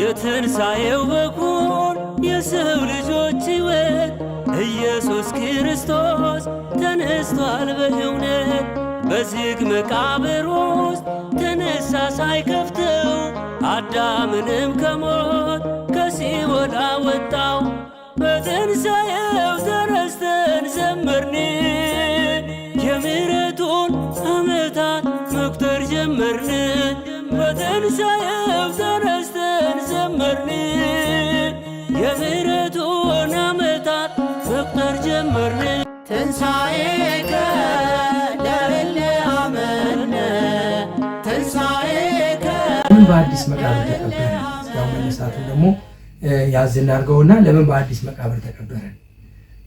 የትንሣኤው በኩል የሰው ልጆች ሕይወት ኢየሱስ ክርስቶስ ተነስቷል በእውነት በዝግ መቃብር ውስጥ ተነሳ ሳይከፍተው አዳምንም ከሞት ከሲኦል አወጣው። በትንሣኤው ተረስተን ዘመርን የምሕረቱን ዓመታት መቁጠር ጀመርን በትንሣኤው ጀመርን ትንሣኤከ ለእለ አመነ ትንሣኤከ ለምን በአዲስ መቃብር ተቀበረ? ያው መነሳቱ ደግሞ ያዝ እናድርገውና ለምን በአዲስ መቃብር ተቀበረ?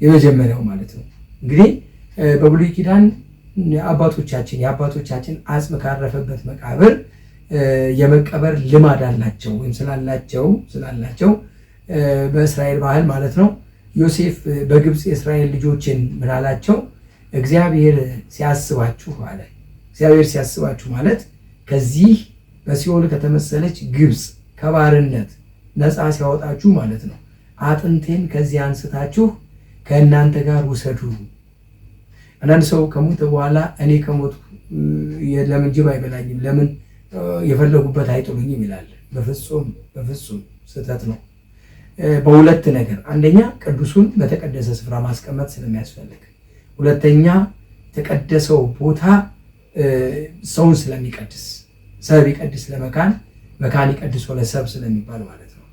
የመጀመሪያው ማለት ነው እንግዲህ በብሉይ ኪዳን አባቶቻችን የአባቶቻችን አጽም ካረፈበት መቃብር የመቀበር ልማድ አላቸው ወይም ስላላቸው ስላላቸው በእስራኤል ባህል ማለት ነው ዮሴፍ በግብፅ የእስራኤል ልጆችን ምን አላቸው? እግዚአብሔር ሲያስባችሁ አለ። እግዚአብሔር ሲያስባችሁ ማለት ከዚህ በሲኦል ከተመሰለች ግብፅ ከባርነት ነፃ ሲያወጣችሁ ማለት ነው። አጥንቴን ከዚህ አንስታችሁ ከእናንተ ጋር ውሰዱ። አንዳንድ ሰው ከሞተ በኋላ እኔ ከሞቱ ለምን ጅብ አይበላኝም? ለምን የፈለጉበት አይጥሉኝም? ይላል። በፍጹም በፍጹም ስህተት ነው። በሁለት ነገር፣ አንደኛ ቅዱሱን በተቀደሰ ስፍራ ማስቀመጥ ስለሚያስፈልግ፣ ሁለተኛ የተቀደሰው ቦታ ሰውን ስለሚቀድስ ሰብ ይቀድስ ለመካን መካን ይቀድስ ለሰብ ስለሚባል ማለት ነው።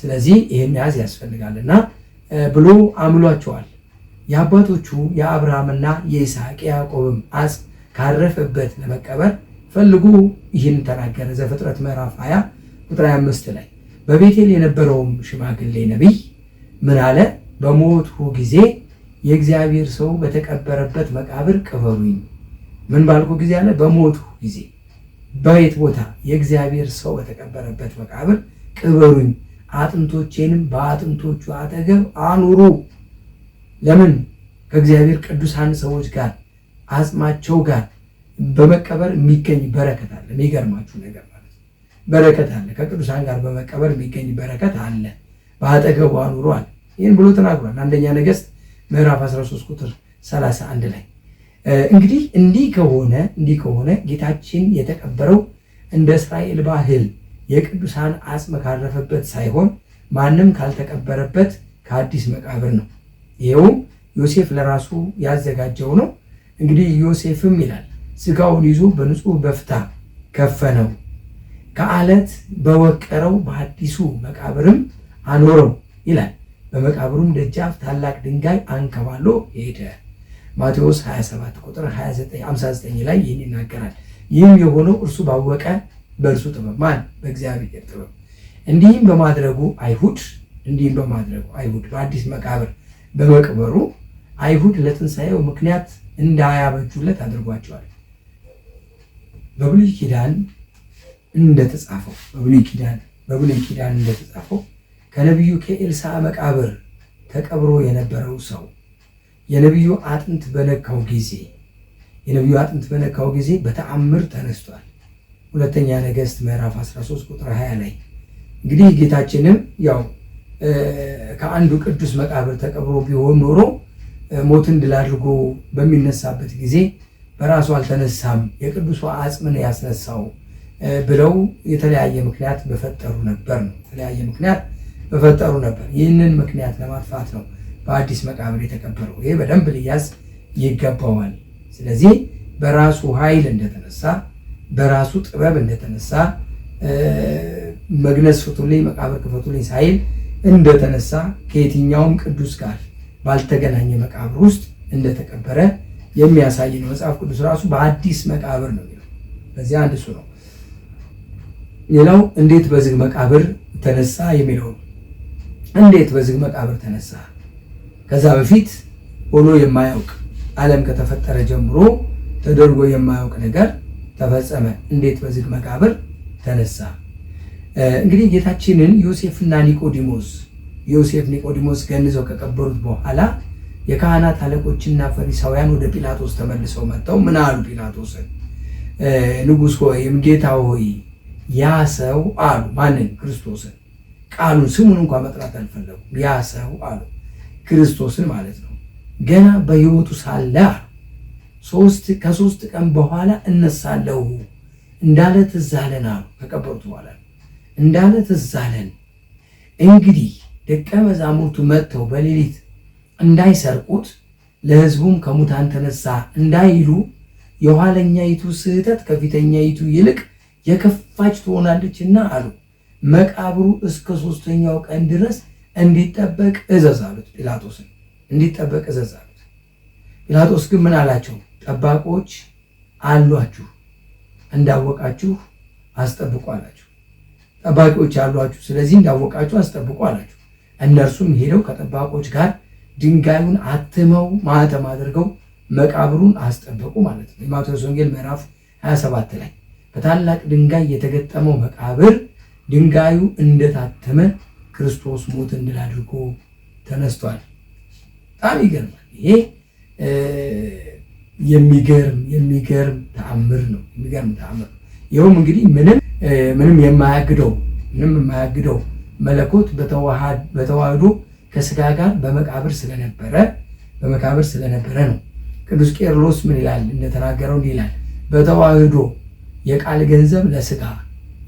ስለዚህ ይህን ያዝ እና ብሎ አምሏቸዋል። የአባቶቹ የአብርሃምና የይስሐቅ ያዕቆብም አጽ ካረፈበት ለመቀበር ፈልጉ ይህን ተናገረ። ዘፍጥረት ምዕራፍ 20 ቁጥር 25 ላይ በቤቴል የነበረውም ሽማግሌ ነቢይ ምን አለ? በሞትሁ ጊዜ የእግዚአብሔር ሰው በተቀበረበት መቃብር ቅበሩኝ። ምን ባልኩ ጊዜ አለ? በሞትሁ ጊዜ በየት ቦታ? የእግዚአብሔር ሰው በተቀበረበት መቃብር ቅበሩኝ፣ አጥንቶቼንም በአጥንቶቹ አጠገብ አኑሩ። ለምን? ከእግዚአብሔር ቅዱሳን ሰዎች ጋር አጽማቸው ጋር በመቀበር የሚገኝ በረከት አለ። የሚገርማችሁ ነገር በረከት አለ። ከቅዱሳን ጋር በመቀበር የሚገኝ በረከት አለ። በአጠገቡ ኑሯል። ይህን ብሎ ተናግሯል። አንደኛ ነገሥት ምዕራፍ 13 ቁጥር 31 ላይ እንግዲህ እንዲህ ከሆነ እንዲህ ከሆነ ጌታችን የተቀበረው እንደ እስራኤል ባህል የቅዱሳን አጽም ካረፈበት ሳይሆን ማንም ካልተቀበረበት ከአዲስ መቃብር ነው። ይኸውም ዮሴፍ ለራሱ ያዘጋጀው ነው። እንግዲህ ዮሴፍም ይላል ስጋውን ይዞ በንጹህ በፍታ ከፈነው ከአለት በወቀረው በአዲሱ መቃብርም አኖረው ይላል። በመቃብሩም ደጃፍ ታላቅ ድንጋይ አንከባሎ ሄደ። ማቴዎስ 27 ቁጥር 59 ላይ ይህን ይናገራል። ይህም የሆነው እርሱ ባወቀ በእርሱ ጥበብ ማን? በእግዚአብሔር ጥበብ። እንዲህም በማድረጉ አይሁድ እንዲህም በማድረጉ አይሁድ በአዲስ መቃብር በመቅበሩ አይሁድ ለትንሣኤው ምክንያት እንዳያበጁለት አድርጓቸዋል። በብሉይ ኪዳን እንደተጻፈው በብሉይ ኪዳን በብሉይ ኪዳን እንደተጻፈው ከነቢዩ ከኤልሳ መቃብር ተቀብሮ የነበረው ሰው የነቢዩ አጥንት በነካው ጊዜ የነቢዩ አጥንት በነካው ጊዜ በተአምር ተነስቷል። ሁለተኛ ነገሥት ምዕራፍ 13 ቁጥር 20 ላይ እንግዲህ ጌታችንም ያው ከአንዱ ቅዱስ መቃብር ተቀብሮ ቢሆን ኖሮ ሞትን ድል አድርጎ በሚነሳበት ጊዜ በራሱ አልተነሳም፣ የቅዱሱ አጽምን ያስነሳው ብለው የተለያየ ምክንያት በፈጠሩ ነበር ነው የተለያየ ምክንያት በፈጠሩ ነበር። ይህንን ምክንያት ለማጥፋት ነው በአዲስ መቃብር የተቀበረው። ይሄ በደንብ ልያዝ ይገባዋል። ስለዚህ በራሱ ኃይል እንደተነሳ በራሱ ጥበብ እንደተነሳ መግነዝ ፍቱልኝ፣ መቃብር ክፈቱልኝ ሳይል እንደተነሳ ከየትኛውም ቅዱስ ጋር ባልተገናኘ መቃብር ውስጥ እንደተቀበረ የሚያሳይ ነው። መጽሐፍ ቅዱስ ራሱ በአዲስ መቃብር ነው የሚለው። በዚህ አንድ እሱ ነው። ሌላው እንዴት በዝግ መቃብር ተነሳ የሚለው እንዴት በዝግ መቃብር ተነሳ? ከዛ በፊት ሆኖ የማያውቅ ዓለም ከተፈጠረ ጀምሮ ተደርጎ የማያውቅ ነገር ተፈጸመ። እንዴት በዝግ መቃብር ተነሳ? እንግዲህ ጌታችንን ዮሴፍና ኒቆዲሞስ ዮሴፍ ኒቆዲሞስ ገንዘው ከቀበሩት በኋላ የካህናት አለቆችና ፈሪሳውያን ወደ ጲላጦስ ተመልሰው መጥተው ምን አሉ? ጲላጦስን ንጉሥ ሆይ ጌታ ሆይ ያ ሰው አሉ ማንን? ክርስቶስን። ቃሉን ስሙን እንኳን መጥራት አልፈለጉም። ያ ሰው አሉ ክርስቶስን ማለት ነው። ገና በህይወቱ ሳለ ሶስት ከሶስት ቀን በኋላ እነሳለሁ እንዳለ ትዝ አለን አሉ። ከቀበሩት በኋላ እንዳለ ትዝ አለን። እንግዲህ ደቀ መዛሙርቱ መጥተው በሌሊት እንዳይሰርቁት ለህዝቡም ከሙታን ተነሳ እንዳይሉ የኋለኛይቱ ስህተት ከፊተኛይቱ ይልቅ የከፋች ትሆናለች እና አሉ። መቃብሩ እስከ ሶስተኛው ቀን ድረስ እንዲጠበቅ እዘዝ አሉት። ጲላጦስን እንዲጠበቅ እዘዝ አሉት። ጲላጦስ ግን ምን አላቸው? ጠባቆች አሏችሁ፣ እንዳወቃችሁ አስጠብቁ አላቸው። ጠባቂዎች አሏችሁ፣ ስለዚህ እንዳወቃችሁ አስጠብቁ አላቸው። እነርሱም ሄደው ከጠባቆች ጋር ድንጋዩን አትመው ማህተም አድርገው መቃብሩን አስጠበቁ ማለት ነው። የማቴዎስ ወንጌል ምዕራፍ 27 ላይ በታላቅ ድንጋይ የተገጠመው መቃብር ድንጋዩ እንደታተመ ክርስቶስ ሞትን ድል አድርጎ ተነስቷል። በጣም ይገርማል። ይሄ የሚገርም የሚገርም ተአምር ነው። የሚገርም ተአምር ነው። ይኸውም እንግዲህ ምንም ምንም የማያግደው ምንም የማያግደው መለኮት በተዋህዶ ከስጋ ጋር በመቃብር ስለነበረ በመቃብር ስለነበረ ነው። ቅዱስ ቄርሎስ ምን ይላል እንደተናገረው እንዲህ ይላል በተዋህዶ የቃል ገንዘብ ለስጋ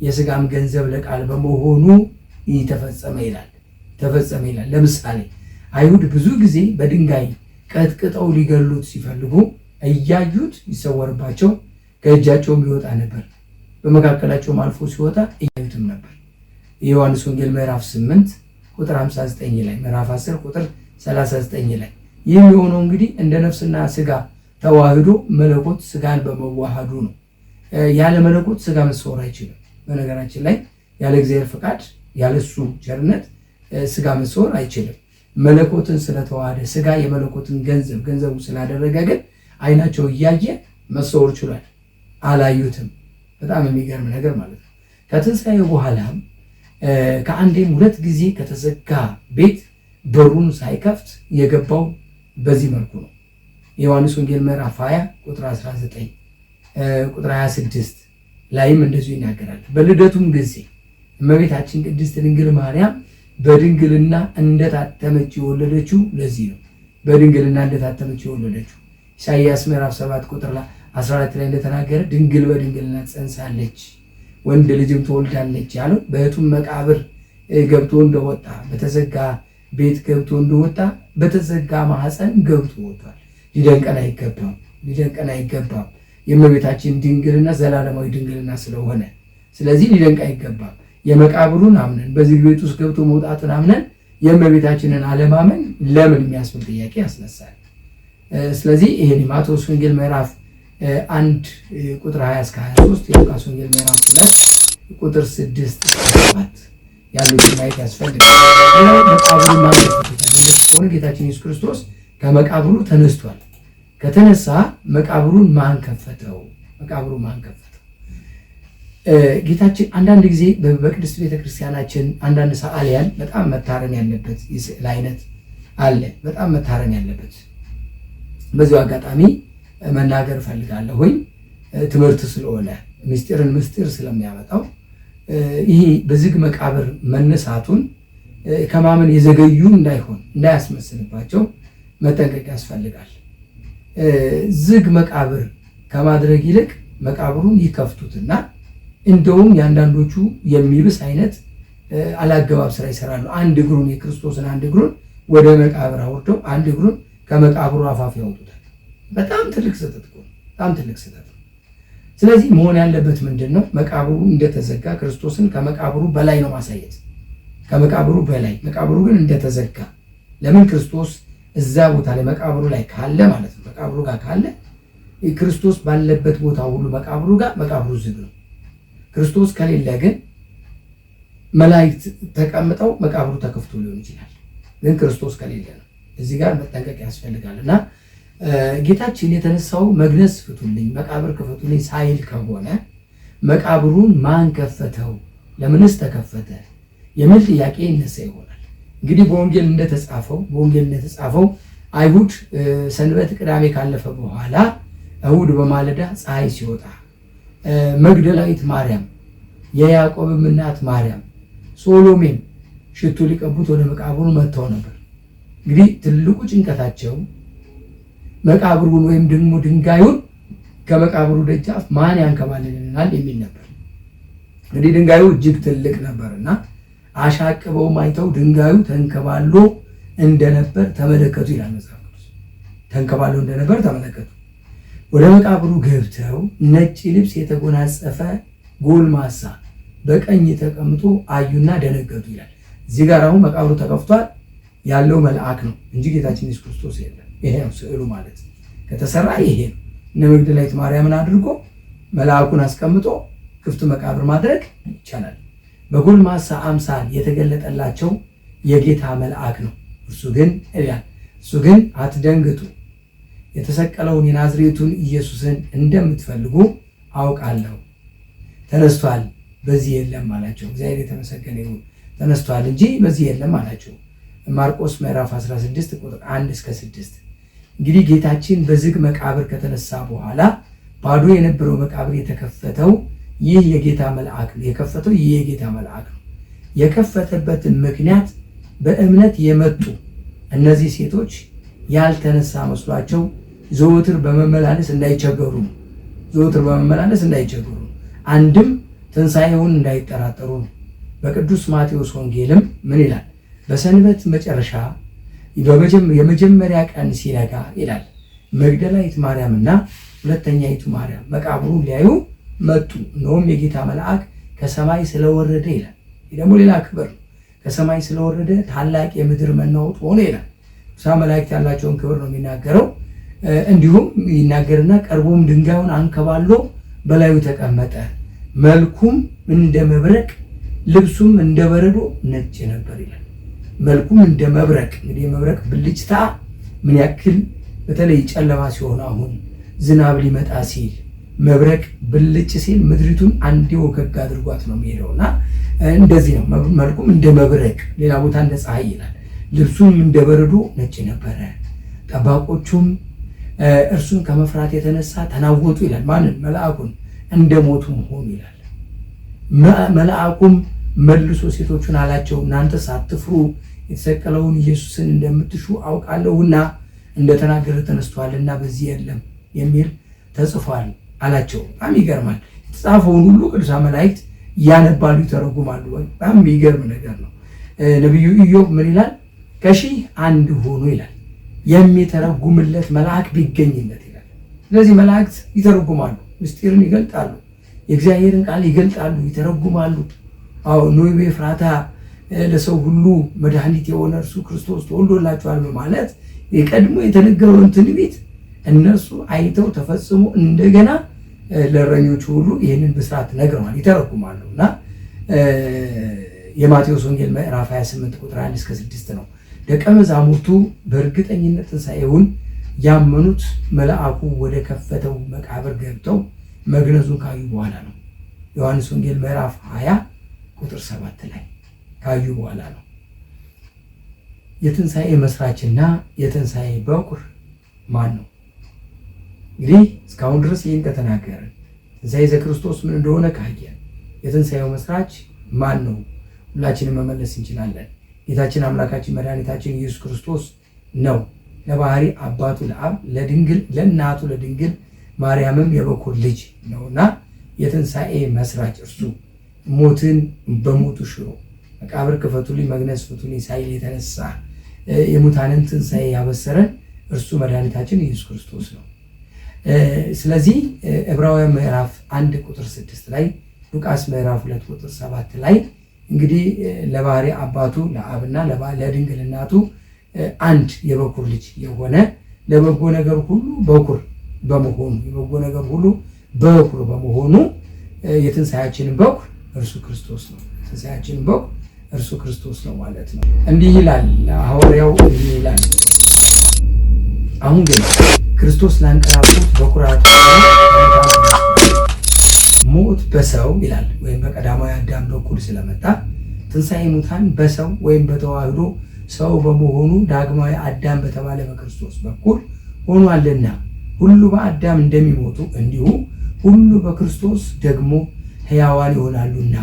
የስጋም ገንዘብ ለቃል በመሆኑ ተፈጸመ ይላል ተፈጸመ ይላል። ለምሳሌ አይሁድ ብዙ ጊዜ በድንጋይ ቀጥቅጠው ሊገሉት ሲፈልጉ እያዩት ይሰወርባቸው ከእጃቸውም ይወጣ ነበር፣ በመካከላቸውም አልፎ ሲወጣ እያዩትም ነበር። የዮሐንስ ወንጌል ምዕራፍ 8 ቁጥር 59 ላይ ምዕራፍ 10 ቁጥር 39 ላይ ይህ የሆነው እንግዲህ እንደ ነፍስና ስጋ ተዋህዶ መለኮት ስጋን በመዋሃዱ ነው። ያለ መለኮት ስጋ መሰወር አይችልም። በነገራችን ላይ ያለ እግዚአብሔር ፈቃድ ያለ እሱ ቸርነት ስጋ መሰወር አይችልም። መለኮትን ስለተዋሃደ ስጋ የመለኮትን ገንዘብ ገንዘቡ ስላደረገ ግን አይናቸው እያየ መሰወር ችሏል። አላዩትም። በጣም የሚገርም ነገር ማለት ነው። ከትንሣኤ በኋላም ከአንዴም ሁለት ጊዜ ከተዘጋ ቤት በሩን ሳይከፍት የገባው በዚህ መልኩ ነው። የዮሐንስ ወንጌል ምዕራፍ 20 ቁጥር 19 ቁጥር 26 ላይም እንደዚሁ ይናገራል። በልደቱም ጊዜ እመቤታችን ቅድስት ድንግል ማርያም በድንግልና እንደታተመች የወለደችው ለዚህ ነው። በድንግልና እንደታተመች የወለደችው ኢሳይያስ ምዕራፍ 7 ቁጥር 14 ላይ እንደተናገረ ድንግል በድንግልና ትጸንሳለች ወንድ ልጅም ትወልዳለች ያለው በእቱም መቃብር ገብቶ እንደወጣ በተዘጋ ቤት ገብቶ እንደወጣ በተዘጋ ማህፀን ገብቶ ወጥቷል። ሊደንቀን አይገባም። ሊደንቀን አይገባም። የእመቤታችን ድንግልና ዘላለማዊ ድንግልና ስለሆነ ስለዚህ ሊደንቅ አይገባም። የመቃብሩን አምነን በዚህ ቤት ውስጥ ገብቶ መውጣትን አምነን የእመቤታችንን አለማመን ለምን የሚያስብል ጥያቄ ያስነሳል። ስለዚህ ይህን ማቴዎስ ወንጌል ምዕራፍ አንድ ቁጥር 20 እስከ 23 የሉቃስ ወንጌል ምዕራፍ ሁለት ቁጥር 6 ሰባት 7 ያሉትን ማየት ያስፈልጋል። መቃብሩ ማለትሆነ ጌታችን ኢየሱስ ክርስቶስ ከመቃብሩ ተነስቷል። ከተነሳ መቃብሩን ማን ከፈተው? መቃብሩ ማን ከፈተው? ጌታችን አንዳንድ ጊዜ በቅድስት ቤተክርስቲያናችን አንዳንድ ሰዓሊያን በጣም መታረም ያለበት የስዕል አይነት አለ። በጣም መታረም ያለበት በዚሁ አጋጣሚ መናገር እፈልጋለሁ ወይ ትምህርት ስለሆነ ምስጢርን ምስጢር ስለሚያመጣው ይሄ በዝግ መቃብር መነሳቱን ከማመን የዘገዩ እንዳይሆን እንዳያስመስልባቸው መጠንቀቅ ያስፈልጋል። ዝግ መቃብር ከማድረግ ይልቅ መቃብሩን ይከፍቱትና እንደውም የአንዳንዶቹ የሚብስ አይነት አላገባብ ስራ ይሰራሉ። አንድ እግሩን የክርስቶስን አንድ እግሩን ወደ መቃብር አውርደው አንድ እግሩን ከመቃብሩ አፋፍ ያወጡታል። በጣም ትልቅ ስህተት ነው። በጣም ትልቅ ስህተት ነው። ስለዚህ መሆን ያለበት ምንድን ነው? መቃብሩ እንደተዘጋ ክርስቶስን ከመቃብሩ በላይ ነው ማሳየት። ከመቃብሩ በላይ መቃብሩ ግን እንደተዘጋ ለምን ክርስቶስ እዛ ቦታ ላይ መቃብሩ ላይ ካለ ማለት ነው መቃብሩ ጋር ካለ ክርስቶስ ባለበት ቦታ ሁሉ መቃብሩ ጋር መቃብሩ ዝግ ነው። ክርስቶስ ከሌለ ግን መላእክት ተቀምጠው መቃብሩ ተከፍቶ ሊሆን ይችላል። ግን ክርስቶስ ከሌለ ነው። እዚህ ጋር መጠንቀቅ ያስፈልጋል እና ጌታችን የተነሳው መግነዝ ፍቱልኝ፣ መቃብር ክፈቱልኝ ሳይል ከሆነ መቃብሩን ማን ከፈተው፣ ለምንስ ተከፈተ የሚል ጥያቄ ይነሳ ይሆናል። እንግዲህ በወንጌል እንደተጻፈው በወንጌል እንደተጻፈው አይሁድ ሰንበት ቅዳሜ ካለፈ በኋላ እሁድ በማለዳ ፀሐይ ሲወጣ መግደላዊት ማርያም፣ የያዕቆብም እናት ማርያም፣ ሶሎሜም ሽቱ ሊቀቡት ወደ መቃብሩ መጥተው ነበር። እንግዲህ ትልቁ ጭንቀታቸው መቃብሩን ወይም ደግሞ ድንጋዩን ከመቃብሩ ደጃፍ ማን ያንከባልልናል የሚል ነበር። እንግዲህ ድንጋዩ እጅግ ትልቅ ነበር እና አሻቅበው አይተው ድንጋዩ ተንከባሎ እንደነበር ተመለከቱ ይላል መጽሐፍ ቅዱስ። ተንከባለው እንደነበር ተመለከቱ። ወደ መቃብሩ ገብተው ነጭ ልብስ የተጎናጸፈ ጎልማሳ በቀኝ ተቀምጦ አዩና ደነገጡ ይላል። እዚህ ጋር አሁን መቃብሩ ተከፍቷል ያለው መልአክ ነው እንጂ ጌታችን ኢየሱስ ክርስቶስ የለም። ይሄ ነው ስዕሉ ማለት ከተሰራ ይሄ ነው። እነ መግደላዊት ማርያምን አድርጎ መልአኩን አስቀምጦ ክፍት መቃብር ማድረግ ይቻላል። በጎልማሳ አምሳል የተገለጠላቸው የጌታ መልአክ ነው። እርሱ ግን ይላል እሱ ግን አትደንግጡ፣ የተሰቀለውን የናዝሬቱን ኢየሱስን እንደምትፈልጉ አውቃለሁ። ተነስቷል፣ በዚህ የለም አላቸው። እግዚአብሔር የተመሰገነ ይሁን። ተነስቷል እንጂ በዚህ የለም አላቸው። ማርቆስ ምዕራፍ 16 ቁጥር 1 እስከ 6። እንግዲህ ጌታችን በዝግ መቃብር ከተነሳ በኋላ ባዶ የነበረው መቃብር የተከፈተው ይህ የጌታ መልአክ ነው። የከፈተው ይህ የጌታ መልአክ ነው። የከፈተበትን ምክንያት በእምነት የመጡ እነዚህ ሴቶች ያልተነሳ መስሏቸው ዘወትር በመመላለስ እንዳይቸገሩ ዘወትር በመመላለስ እንዳይቸገሩ አንድም ትንሣኤውን እንዳይጠራጠሩ በቅዱስ ማቴዎስ ወንጌልም ምን ይላል? በሰንበት መጨረሻ የመጀመሪያ ቀን ሲነጋ ይላል መግደላዊት እና ሁለተኛይቱ ማርያም መቃብሩን ሊያዩ መጡ። እነሆም የጌታ መልአክ ከሰማይ ስለወረደ ይላል። ይህ ደግሞ ሌላ ክብር ነው። ከሰማይ ስለወረደ ታላቅ የምድር መናወጥ ሆነ ይላል። ሳ መላእክት ያላቸውን ክብር ነው የሚናገረው። እንዲሁም ይናገርና ቀርቦም ድንጋዩን አንከባሎ በላዩ ተቀመጠ። መልኩም እንደ መብረቅ ልብሱም እንደ በረዶ ነጭ ነበር ይላል። መልኩም እንደ መብረቅ እንግዲህ የመብረቅ ብልጭታ ምን ያክል በተለይ ጨለማ ሲሆን አሁን ዝናብ ሊመጣ ሲል መብረቅ ብልጭ ሲል ምድሪቱን አንድ ወገግ አድርጓት ነው የሚሄደው እና እንደዚህ ነው መልኩም እንደ መብረቅ፣ ሌላ ቦታ እንደ ፀሐይ ይላል። ልብሱም እንደ በረዶ ነጭ ነበረ። ጠባቆቹም እርሱን ከመፍራት የተነሳ ተናወጡ ይላል። ማንን? መልአኩን። እንደ ሞቱም ሆኑ ይላል። መልአኩም መልሶ ሴቶቹን አላቸው፣ እናንተ ሳትፍሩ የተሰቀለውን ኢየሱስን እንደምትሹ አውቃለሁና እንደተናገረ ተነስተዋልና በዚህ የለም የሚል ተጽፏል። አላቸው። በጣም ይገርማል። የተጻፈውን ሁሉ ቅዱሳ መላእክት ያነባሉ፣ ይተረጉማሉ። በጣም የሚገርም ነገር ነው። ነቢዩ ኢዮብ ምን ይላል? ከሺህ አንድ ሆኖ ይላል የሚተረጉምለት መልአክ ቢገኝለት ይላል። ስለዚህ መላእክት ይተረጉማሉ፣ ምስጢርን ይገልጣሉ፣ የእግዚአብሔርን ቃል ይገልጣሉ፣ ይተረጉማሉ። አዎ ኖቤ ፍራታ ለሰው ሁሉ መድኃኒት የሆነ እርሱ ክርስቶስ ተወልዶላቸዋል በማለት የቀድሞ የተነገረውን ትንቢት እነሱ አይተው ተፈጽሞ እንደገና ለእረኞቹ ሁሉ ይህንን ብስራት ነግረዋል፣ ይተረጉማሉ እና የማቴዎስ ወንጌል ምዕራፍ 28 ቁጥር 1 እስከ 6 ነው። ደቀ መዛሙርቱ በእርግጠኝነት ትንሣኤውን ያመኑት መልአኩ ወደ ከፈተው መቃብር ገብተው መግነዙን ካዩ በኋላ ነው። ዮሐንስ ወንጌል ምዕራፍ 20 ቁጥር 7 ላይ ካዩ በኋላ ነው። የትንሣኤ መስራችና የትንሣኤ በኩር ማን ነው? እንግዲህ እስካሁን ድረስ ይህን ከተናገርን ትንሣኤ ዘክርስቶስ ምን እንደሆነ ካየ የትንሣኤው መስራች ማን ነው? ሁላችንም መመለስ እንችላለን። ጌታችን አምላካችን መድኃኒታችን ኢየሱስ ክርስቶስ ነው። ለባህሪ አባቱ ለአብ ለድንግል ለእናቱ ለድንግል ማርያምም የበኩር ልጅ ነውና የትንሣኤ መስራች እርሱ ሞትን በሞቱ ሽሮ መቃብር ክፈቱልኝ መግነዝ ፍቱልኝ ሳይል የተነሳ የሙታንን ትንሣኤ ያበሰረን እርሱ መድኃኒታችን ኢየሱስ ክርስቶስ ነው። ስለዚህ ዕብራውያን ምዕራፍ አንድ ቁጥር ስድስት ላይ ሉቃስ ምዕራፍ ሁለት ቁጥር ሰባት ላይ እንግዲህ ለባህሪ አባቱ ለአብና ለድንግል እናቱ አንድ የበኩር ልጅ የሆነ ለበጎ ነገር ሁሉ በኩር በመሆኑ የበጎ ነገር ሁሉ በኩር በመሆኑ የትንሣያችንን በኩር እርሱ ክርስቶስ ነው። ትንሣያችንን በኩር እርሱ ክርስቶስ ነው ማለት ነው። እንዲህ ይላል ሐዋርያው እንዲህ ይላል አሁን ግን ክርስቶስ ላንቀላፉት በኩራት ሞት በሰው ይላል ወይም በቀዳማዊ አዳም በኩል ስለመጣ ትንሣኤ ሙታን በሰው ወይም በተዋህዶ ሰው በመሆኑ ዳግማዊ አዳም በተባለ በክርስቶስ በኩል ሆኗልና ሁሉ በአዳም እንደሚሞቱ እንዲሁ ሁሉ በክርስቶስ ደግሞ ሕያዋን ይሆናሉና።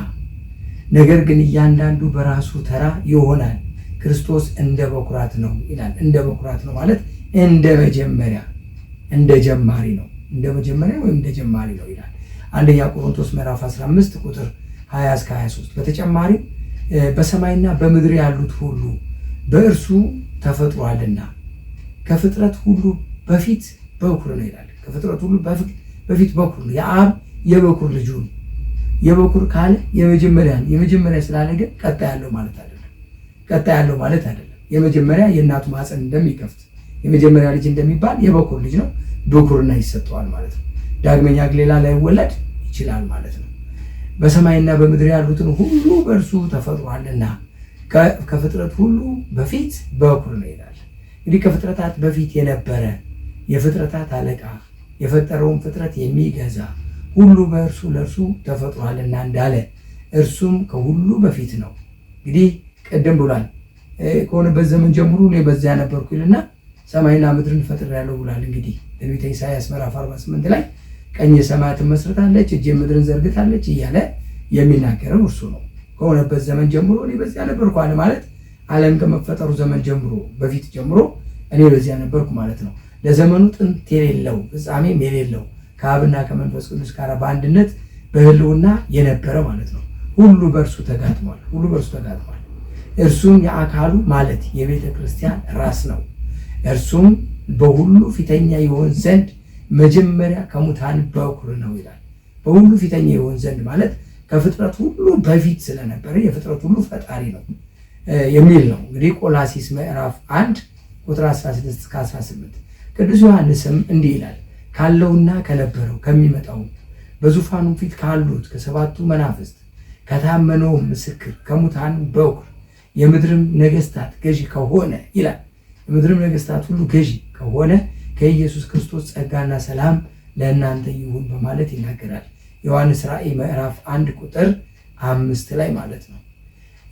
ነገር ግን እያንዳንዱ በራሱ ተራ ይሆናል። ክርስቶስ እንደ በኩራት ነው ይላል። እንደ በኩራት ነው ማለት እንደ መጀመሪያ እንደ ጀማሪ ነው፣ እንደ መጀመሪያ ወይም እንደ ጀማሪ ነው ይላል አንደኛ ቆሮንቶስ ምዕራፍ 15 ቁጥር 20 እስከ 23። በተጨማሪም በሰማይና በምድር ያሉት ሁሉ በእርሱ ተፈጥሯልና ከፍጥረት ሁሉ በፊት በኩር ነው ይላል። ከፍጥረት ሁሉ በፊት በኩር ነው። የአብ የበኩር ልጁ ነው። የበኩር ካለ የመጀመሪያ የመጀመሪያ ስላለ ግን ቀጣ ያለው ማለት አይደለም። ቀጣ ያለው ማለት አይደለም። የመጀመሪያ የእናቱ ማፀን እንደሚከፍት የመጀመሪያ ልጅ እንደሚባል የበኩር ልጅ ነው፣ ብኩርና ይሰጠዋል ማለት ነው። ዳግመኛ ሌላ ላይወለድ ይችላል ማለት ነው። በሰማይና በምድር ያሉትን ሁሉ በእርሱ ተፈጥሯልና ከፍጥረት ሁሉ በፊት በኩር ነው ይላል። እንግዲህ ከፍጥረታት በፊት የነበረ የፍጥረታት አለቃ የፈጠረውን ፍጥረት የሚገዛ ሁሉ በእርሱ ለእርሱ ተፈጥሯልና እንዳለ እርሱም ከሁሉ በፊት ነው። እንግዲህ ቀደም ብሏል ከሆነበት ዘመን ጀምሮ እኔ በዚያ ነበርኩ ይልና ሰማይና ምድርን ፈጥሬያለሁ ብሏል። እንግዲህ ትንቢተ ኢሳያስ ምዕራፍ 48 ላይ ቀኝ ሰማያትን መስርታለች፣ እጄ ምድርን ዘርግታለች እያለ የሚናገረው እርሱ ነው። ከሆነበት ዘመን ጀምሮ እኔ በዚያ ነበርኩ አለ ማለት ዓለም ከመፈጠሩ ዘመን ጀምሮ በፊት ጀምሮ እኔ በዚያ ነበርኩ ማለት ነው። ለዘመኑ ጥንት የሌለው ፍጻሜም የሌለው ከአብና ከመንፈስ ቅዱስ ጋር በአንድነት በህልውና የነበረ ማለት ነው። ሁሉ በእርሱ ተጋጥሟል። ሁሉ በእርሱ ተጋጥሟል። እርሱም የአካሉ ማለት የቤተ ክርስቲያን ራስ ነው። እርሱም በሁሉ ፊተኛ ይሆን ዘንድ መጀመሪያ ከሙታን በኩር ነው ይላል። በሁሉ ፊተኛ ይሆን ዘንድ ማለት ከፍጥረት ሁሉ በፊት ስለነበረ የፍጥረት ሁሉ ፈጣሪ ነው የሚል ነው። እንግዲህ ቆላሲስ ምዕራፍ 1 ቁጥር 16 18። ቅዱስ ዮሐንስም እንዲህ ይላል ካለውና ከነበረው ከሚመጣው በዙፋኑ ፊት ካሉት ከሰባቱ መናፍስት ከታመነው ምስክር ከሙታን በኩር የምድርም ነገስታት ገዢ ከሆነ ይላል የምድርም ነገስታት ሁሉ ገዢ ከሆነ ከኢየሱስ ክርስቶስ ጸጋና ሰላም ለእናንተ ይሁን በማለት ይናገራል። ዮሐንስ ራእይ ምዕራፍ አንድ ቁጥር አምስት ላይ ማለት ነው።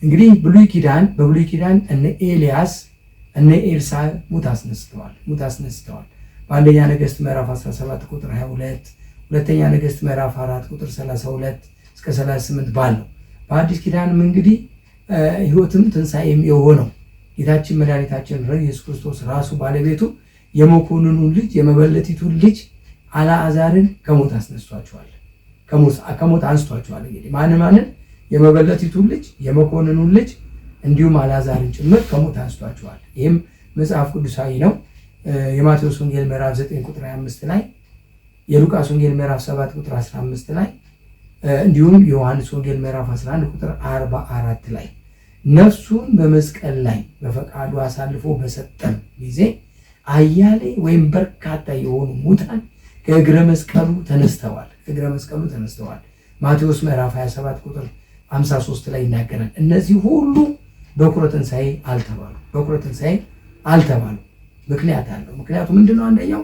እንግዲህ ብሉይ ኪዳን በብሉይ ኪዳን እነ ኤልያስ እነ ኤልሳ ሙት አስነስተዋል ሙት አስነስተዋል። በአንደኛ ነገስት ምዕራፍ 17 ቁጥር 22፣ ሁለተኛ ነገስት ምዕራፍ 4 ቁጥር 32 እስከ 38 ባለው በአዲስ ኪዳንም እንግዲህ ህይወትም ትንሣኤም የሆነው ጌታችን መድኃኒታችን ኢየሱስ ክርስቶስ ራሱ ባለቤቱ የመኮንኑን ልጅ የመበለቲቱን ልጅ አልዓዛርን ከሞት አስነስቷቸዋል። ከሞት አንስቷቸዋል። እንግዲህ ማን ማንን? የመበለቲቱን ልጅ የመኮንኑን ልጅ እንዲሁም አልዓዛርን ጭምር ከሞት አንስቷቸዋል። ይህም መጽሐፍ ቅዱሳዊ ነው። የማቴዎስ ወንጌል ምዕራፍ 9 ቁጥር 25 ላይ የሉቃስ ወንጌል ምዕራፍ 7 ቁጥር 15 ላይ እንዲሁም የዮሐንስ ወንጌል ምዕራፍ 11 ቁጥር 44 ላይ ነፍሱን በመስቀል ላይ በፈቃዱ አሳልፎ በሰጠም ጊዜ አያሌ ወይም በርካታ የሆኑ ሙታን ከእግረ መስቀሉ ተነስተዋል እግረ መስቀሉ ተነስተዋል። ማቴዎስ ምዕራፍ 27 ቁጥር 53 ላይ ይናገራል። እነዚህ ሁሉ በኩረ ትንሣኤ አልተባሉ በኩረ ትንሣኤ አልተባሉ። ምክንያት አለው። ምክንያቱ ምንድነው? አንደኛው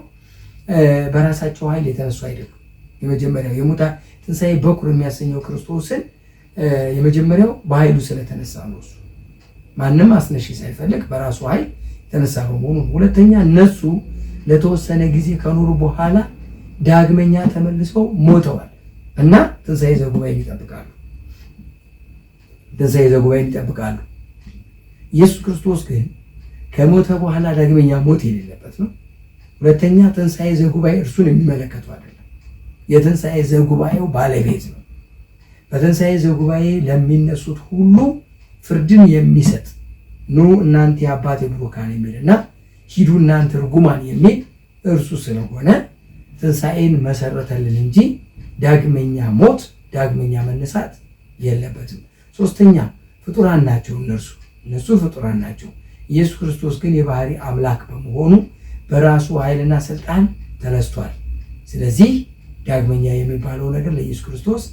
በራሳቸው ኃይል የተነሱ አይደሉም። የመጀመሪያው የሙታን ትንሣኤ በኩር የሚያሰኘው ክርስቶስን የመጀመሪያው በኃይሉ ስለተነሳ ነው። እሱ ማንም አስነሺ ሳይፈልግ በራሱ ኃይል የተነሳ በመሆኑ፣ ሁለተኛ እነሱ ለተወሰነ ጊዜ ከኖሩ በኋላ ዳግመኛ ተመልሰው ሞተዋል እና ትንሣኤ ዘጉባኤን ይጠብቃሉ። ትንሣኤ ዘጉባኤን ይጠብቃሉ። ኢየሱስ ክርስቶስ ግን ከሞተ በኋላ ዳግመኛ ሞት የሌለበት ነው። ሁለተኛ ትንሣኤ ዘጉባኤ እርሱን የሚመለከቱ አይደለም። የትንሣኤ ዘጉባኤው ባለቤት ነው። በትንሣኤ ዘጉባኤ ለሚነሱት ሁሉ ፍርድን የሚሰጥ ኑ እናንተ የአባቴ ቡሩካን የሚልና ሂዱ እናንተ ርጉማን የሚል እርሱ ስለሆነ ትንሣኤን መሰረተልን እንጂ ዳግመኛ ሞት፣ ዳግመኛ መነሳት የለበትም። ሶስተኛ ፍጡራን ናቸው እነርሱ እነሱ ፍጡራን ናቸው። ኢየሱስ ክርስቶስ ግን የባህሪ አምላክ በመሆኑ በራሱ ኃይልና ስልጣን ተነስቷል። ስለዚህ ዳግመኛ የሚባለው ነገር ለኢየሱስ ክርስቶስ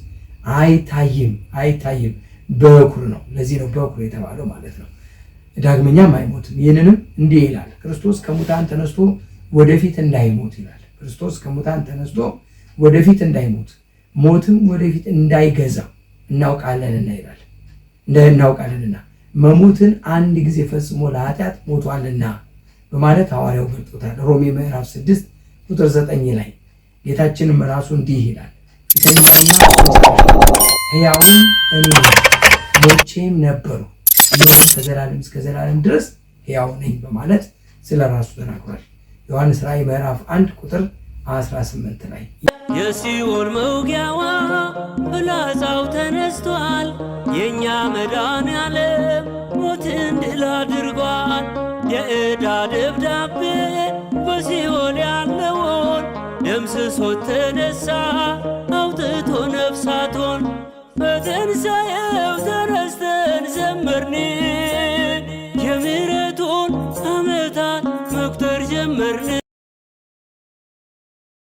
አይታይም አይታይም በኩር ነው። ለዚህ ነው በኩር የተባለው ማለት ነው። ዳግመኛም አይሞትም። ይህንንም እንዲህ ይላል፣ ክርስቶስ ከሙታን ተነስቶ ወደፊት እንዳይሞት ይላል። ክርስቶስ ከሙታን ተነስቶ ወደፊት እንዳይሞት ሞትም ወደፊት እንዳይገዛ እናውቃለንና ይላል እናውቃለንና መሞትን አንድ ጊዜ ፈጽሞ ለኃጢአት ሞቷልና በማለት ሐዋርያው ገልጦታል። ሮሜ ምዕራፍ 6 ቁጥር 9 ላይ ጌታችንም ራሱ እንዲህ ይላል በሕያውና ሕያውም እኔ ሞቼም ነበሩ እነሆ ከዘላለም እስከ ዘላለም ድረስ ሕያው ነኝ በማለት ስለ ራሱ ተናግሯል። ዮሐንስ ራእይ ምዕራፍ አንድ ቁጥር 18 ላይ የሲኦል መውጊያዋ ፍላጻው ተነስቷል፣ የእኛ መድኃኔዓለም ሞትን ድል አድርጓል። የዕዳ ደብዳቤ በሲኦል ያለውን ደምስሶት ተነሳ አቶ ነፍሳቶን በትንሣኤው ተነስተን ዘመርን። የምሕረቱን ዓመታት መቁጠር ጀመርን።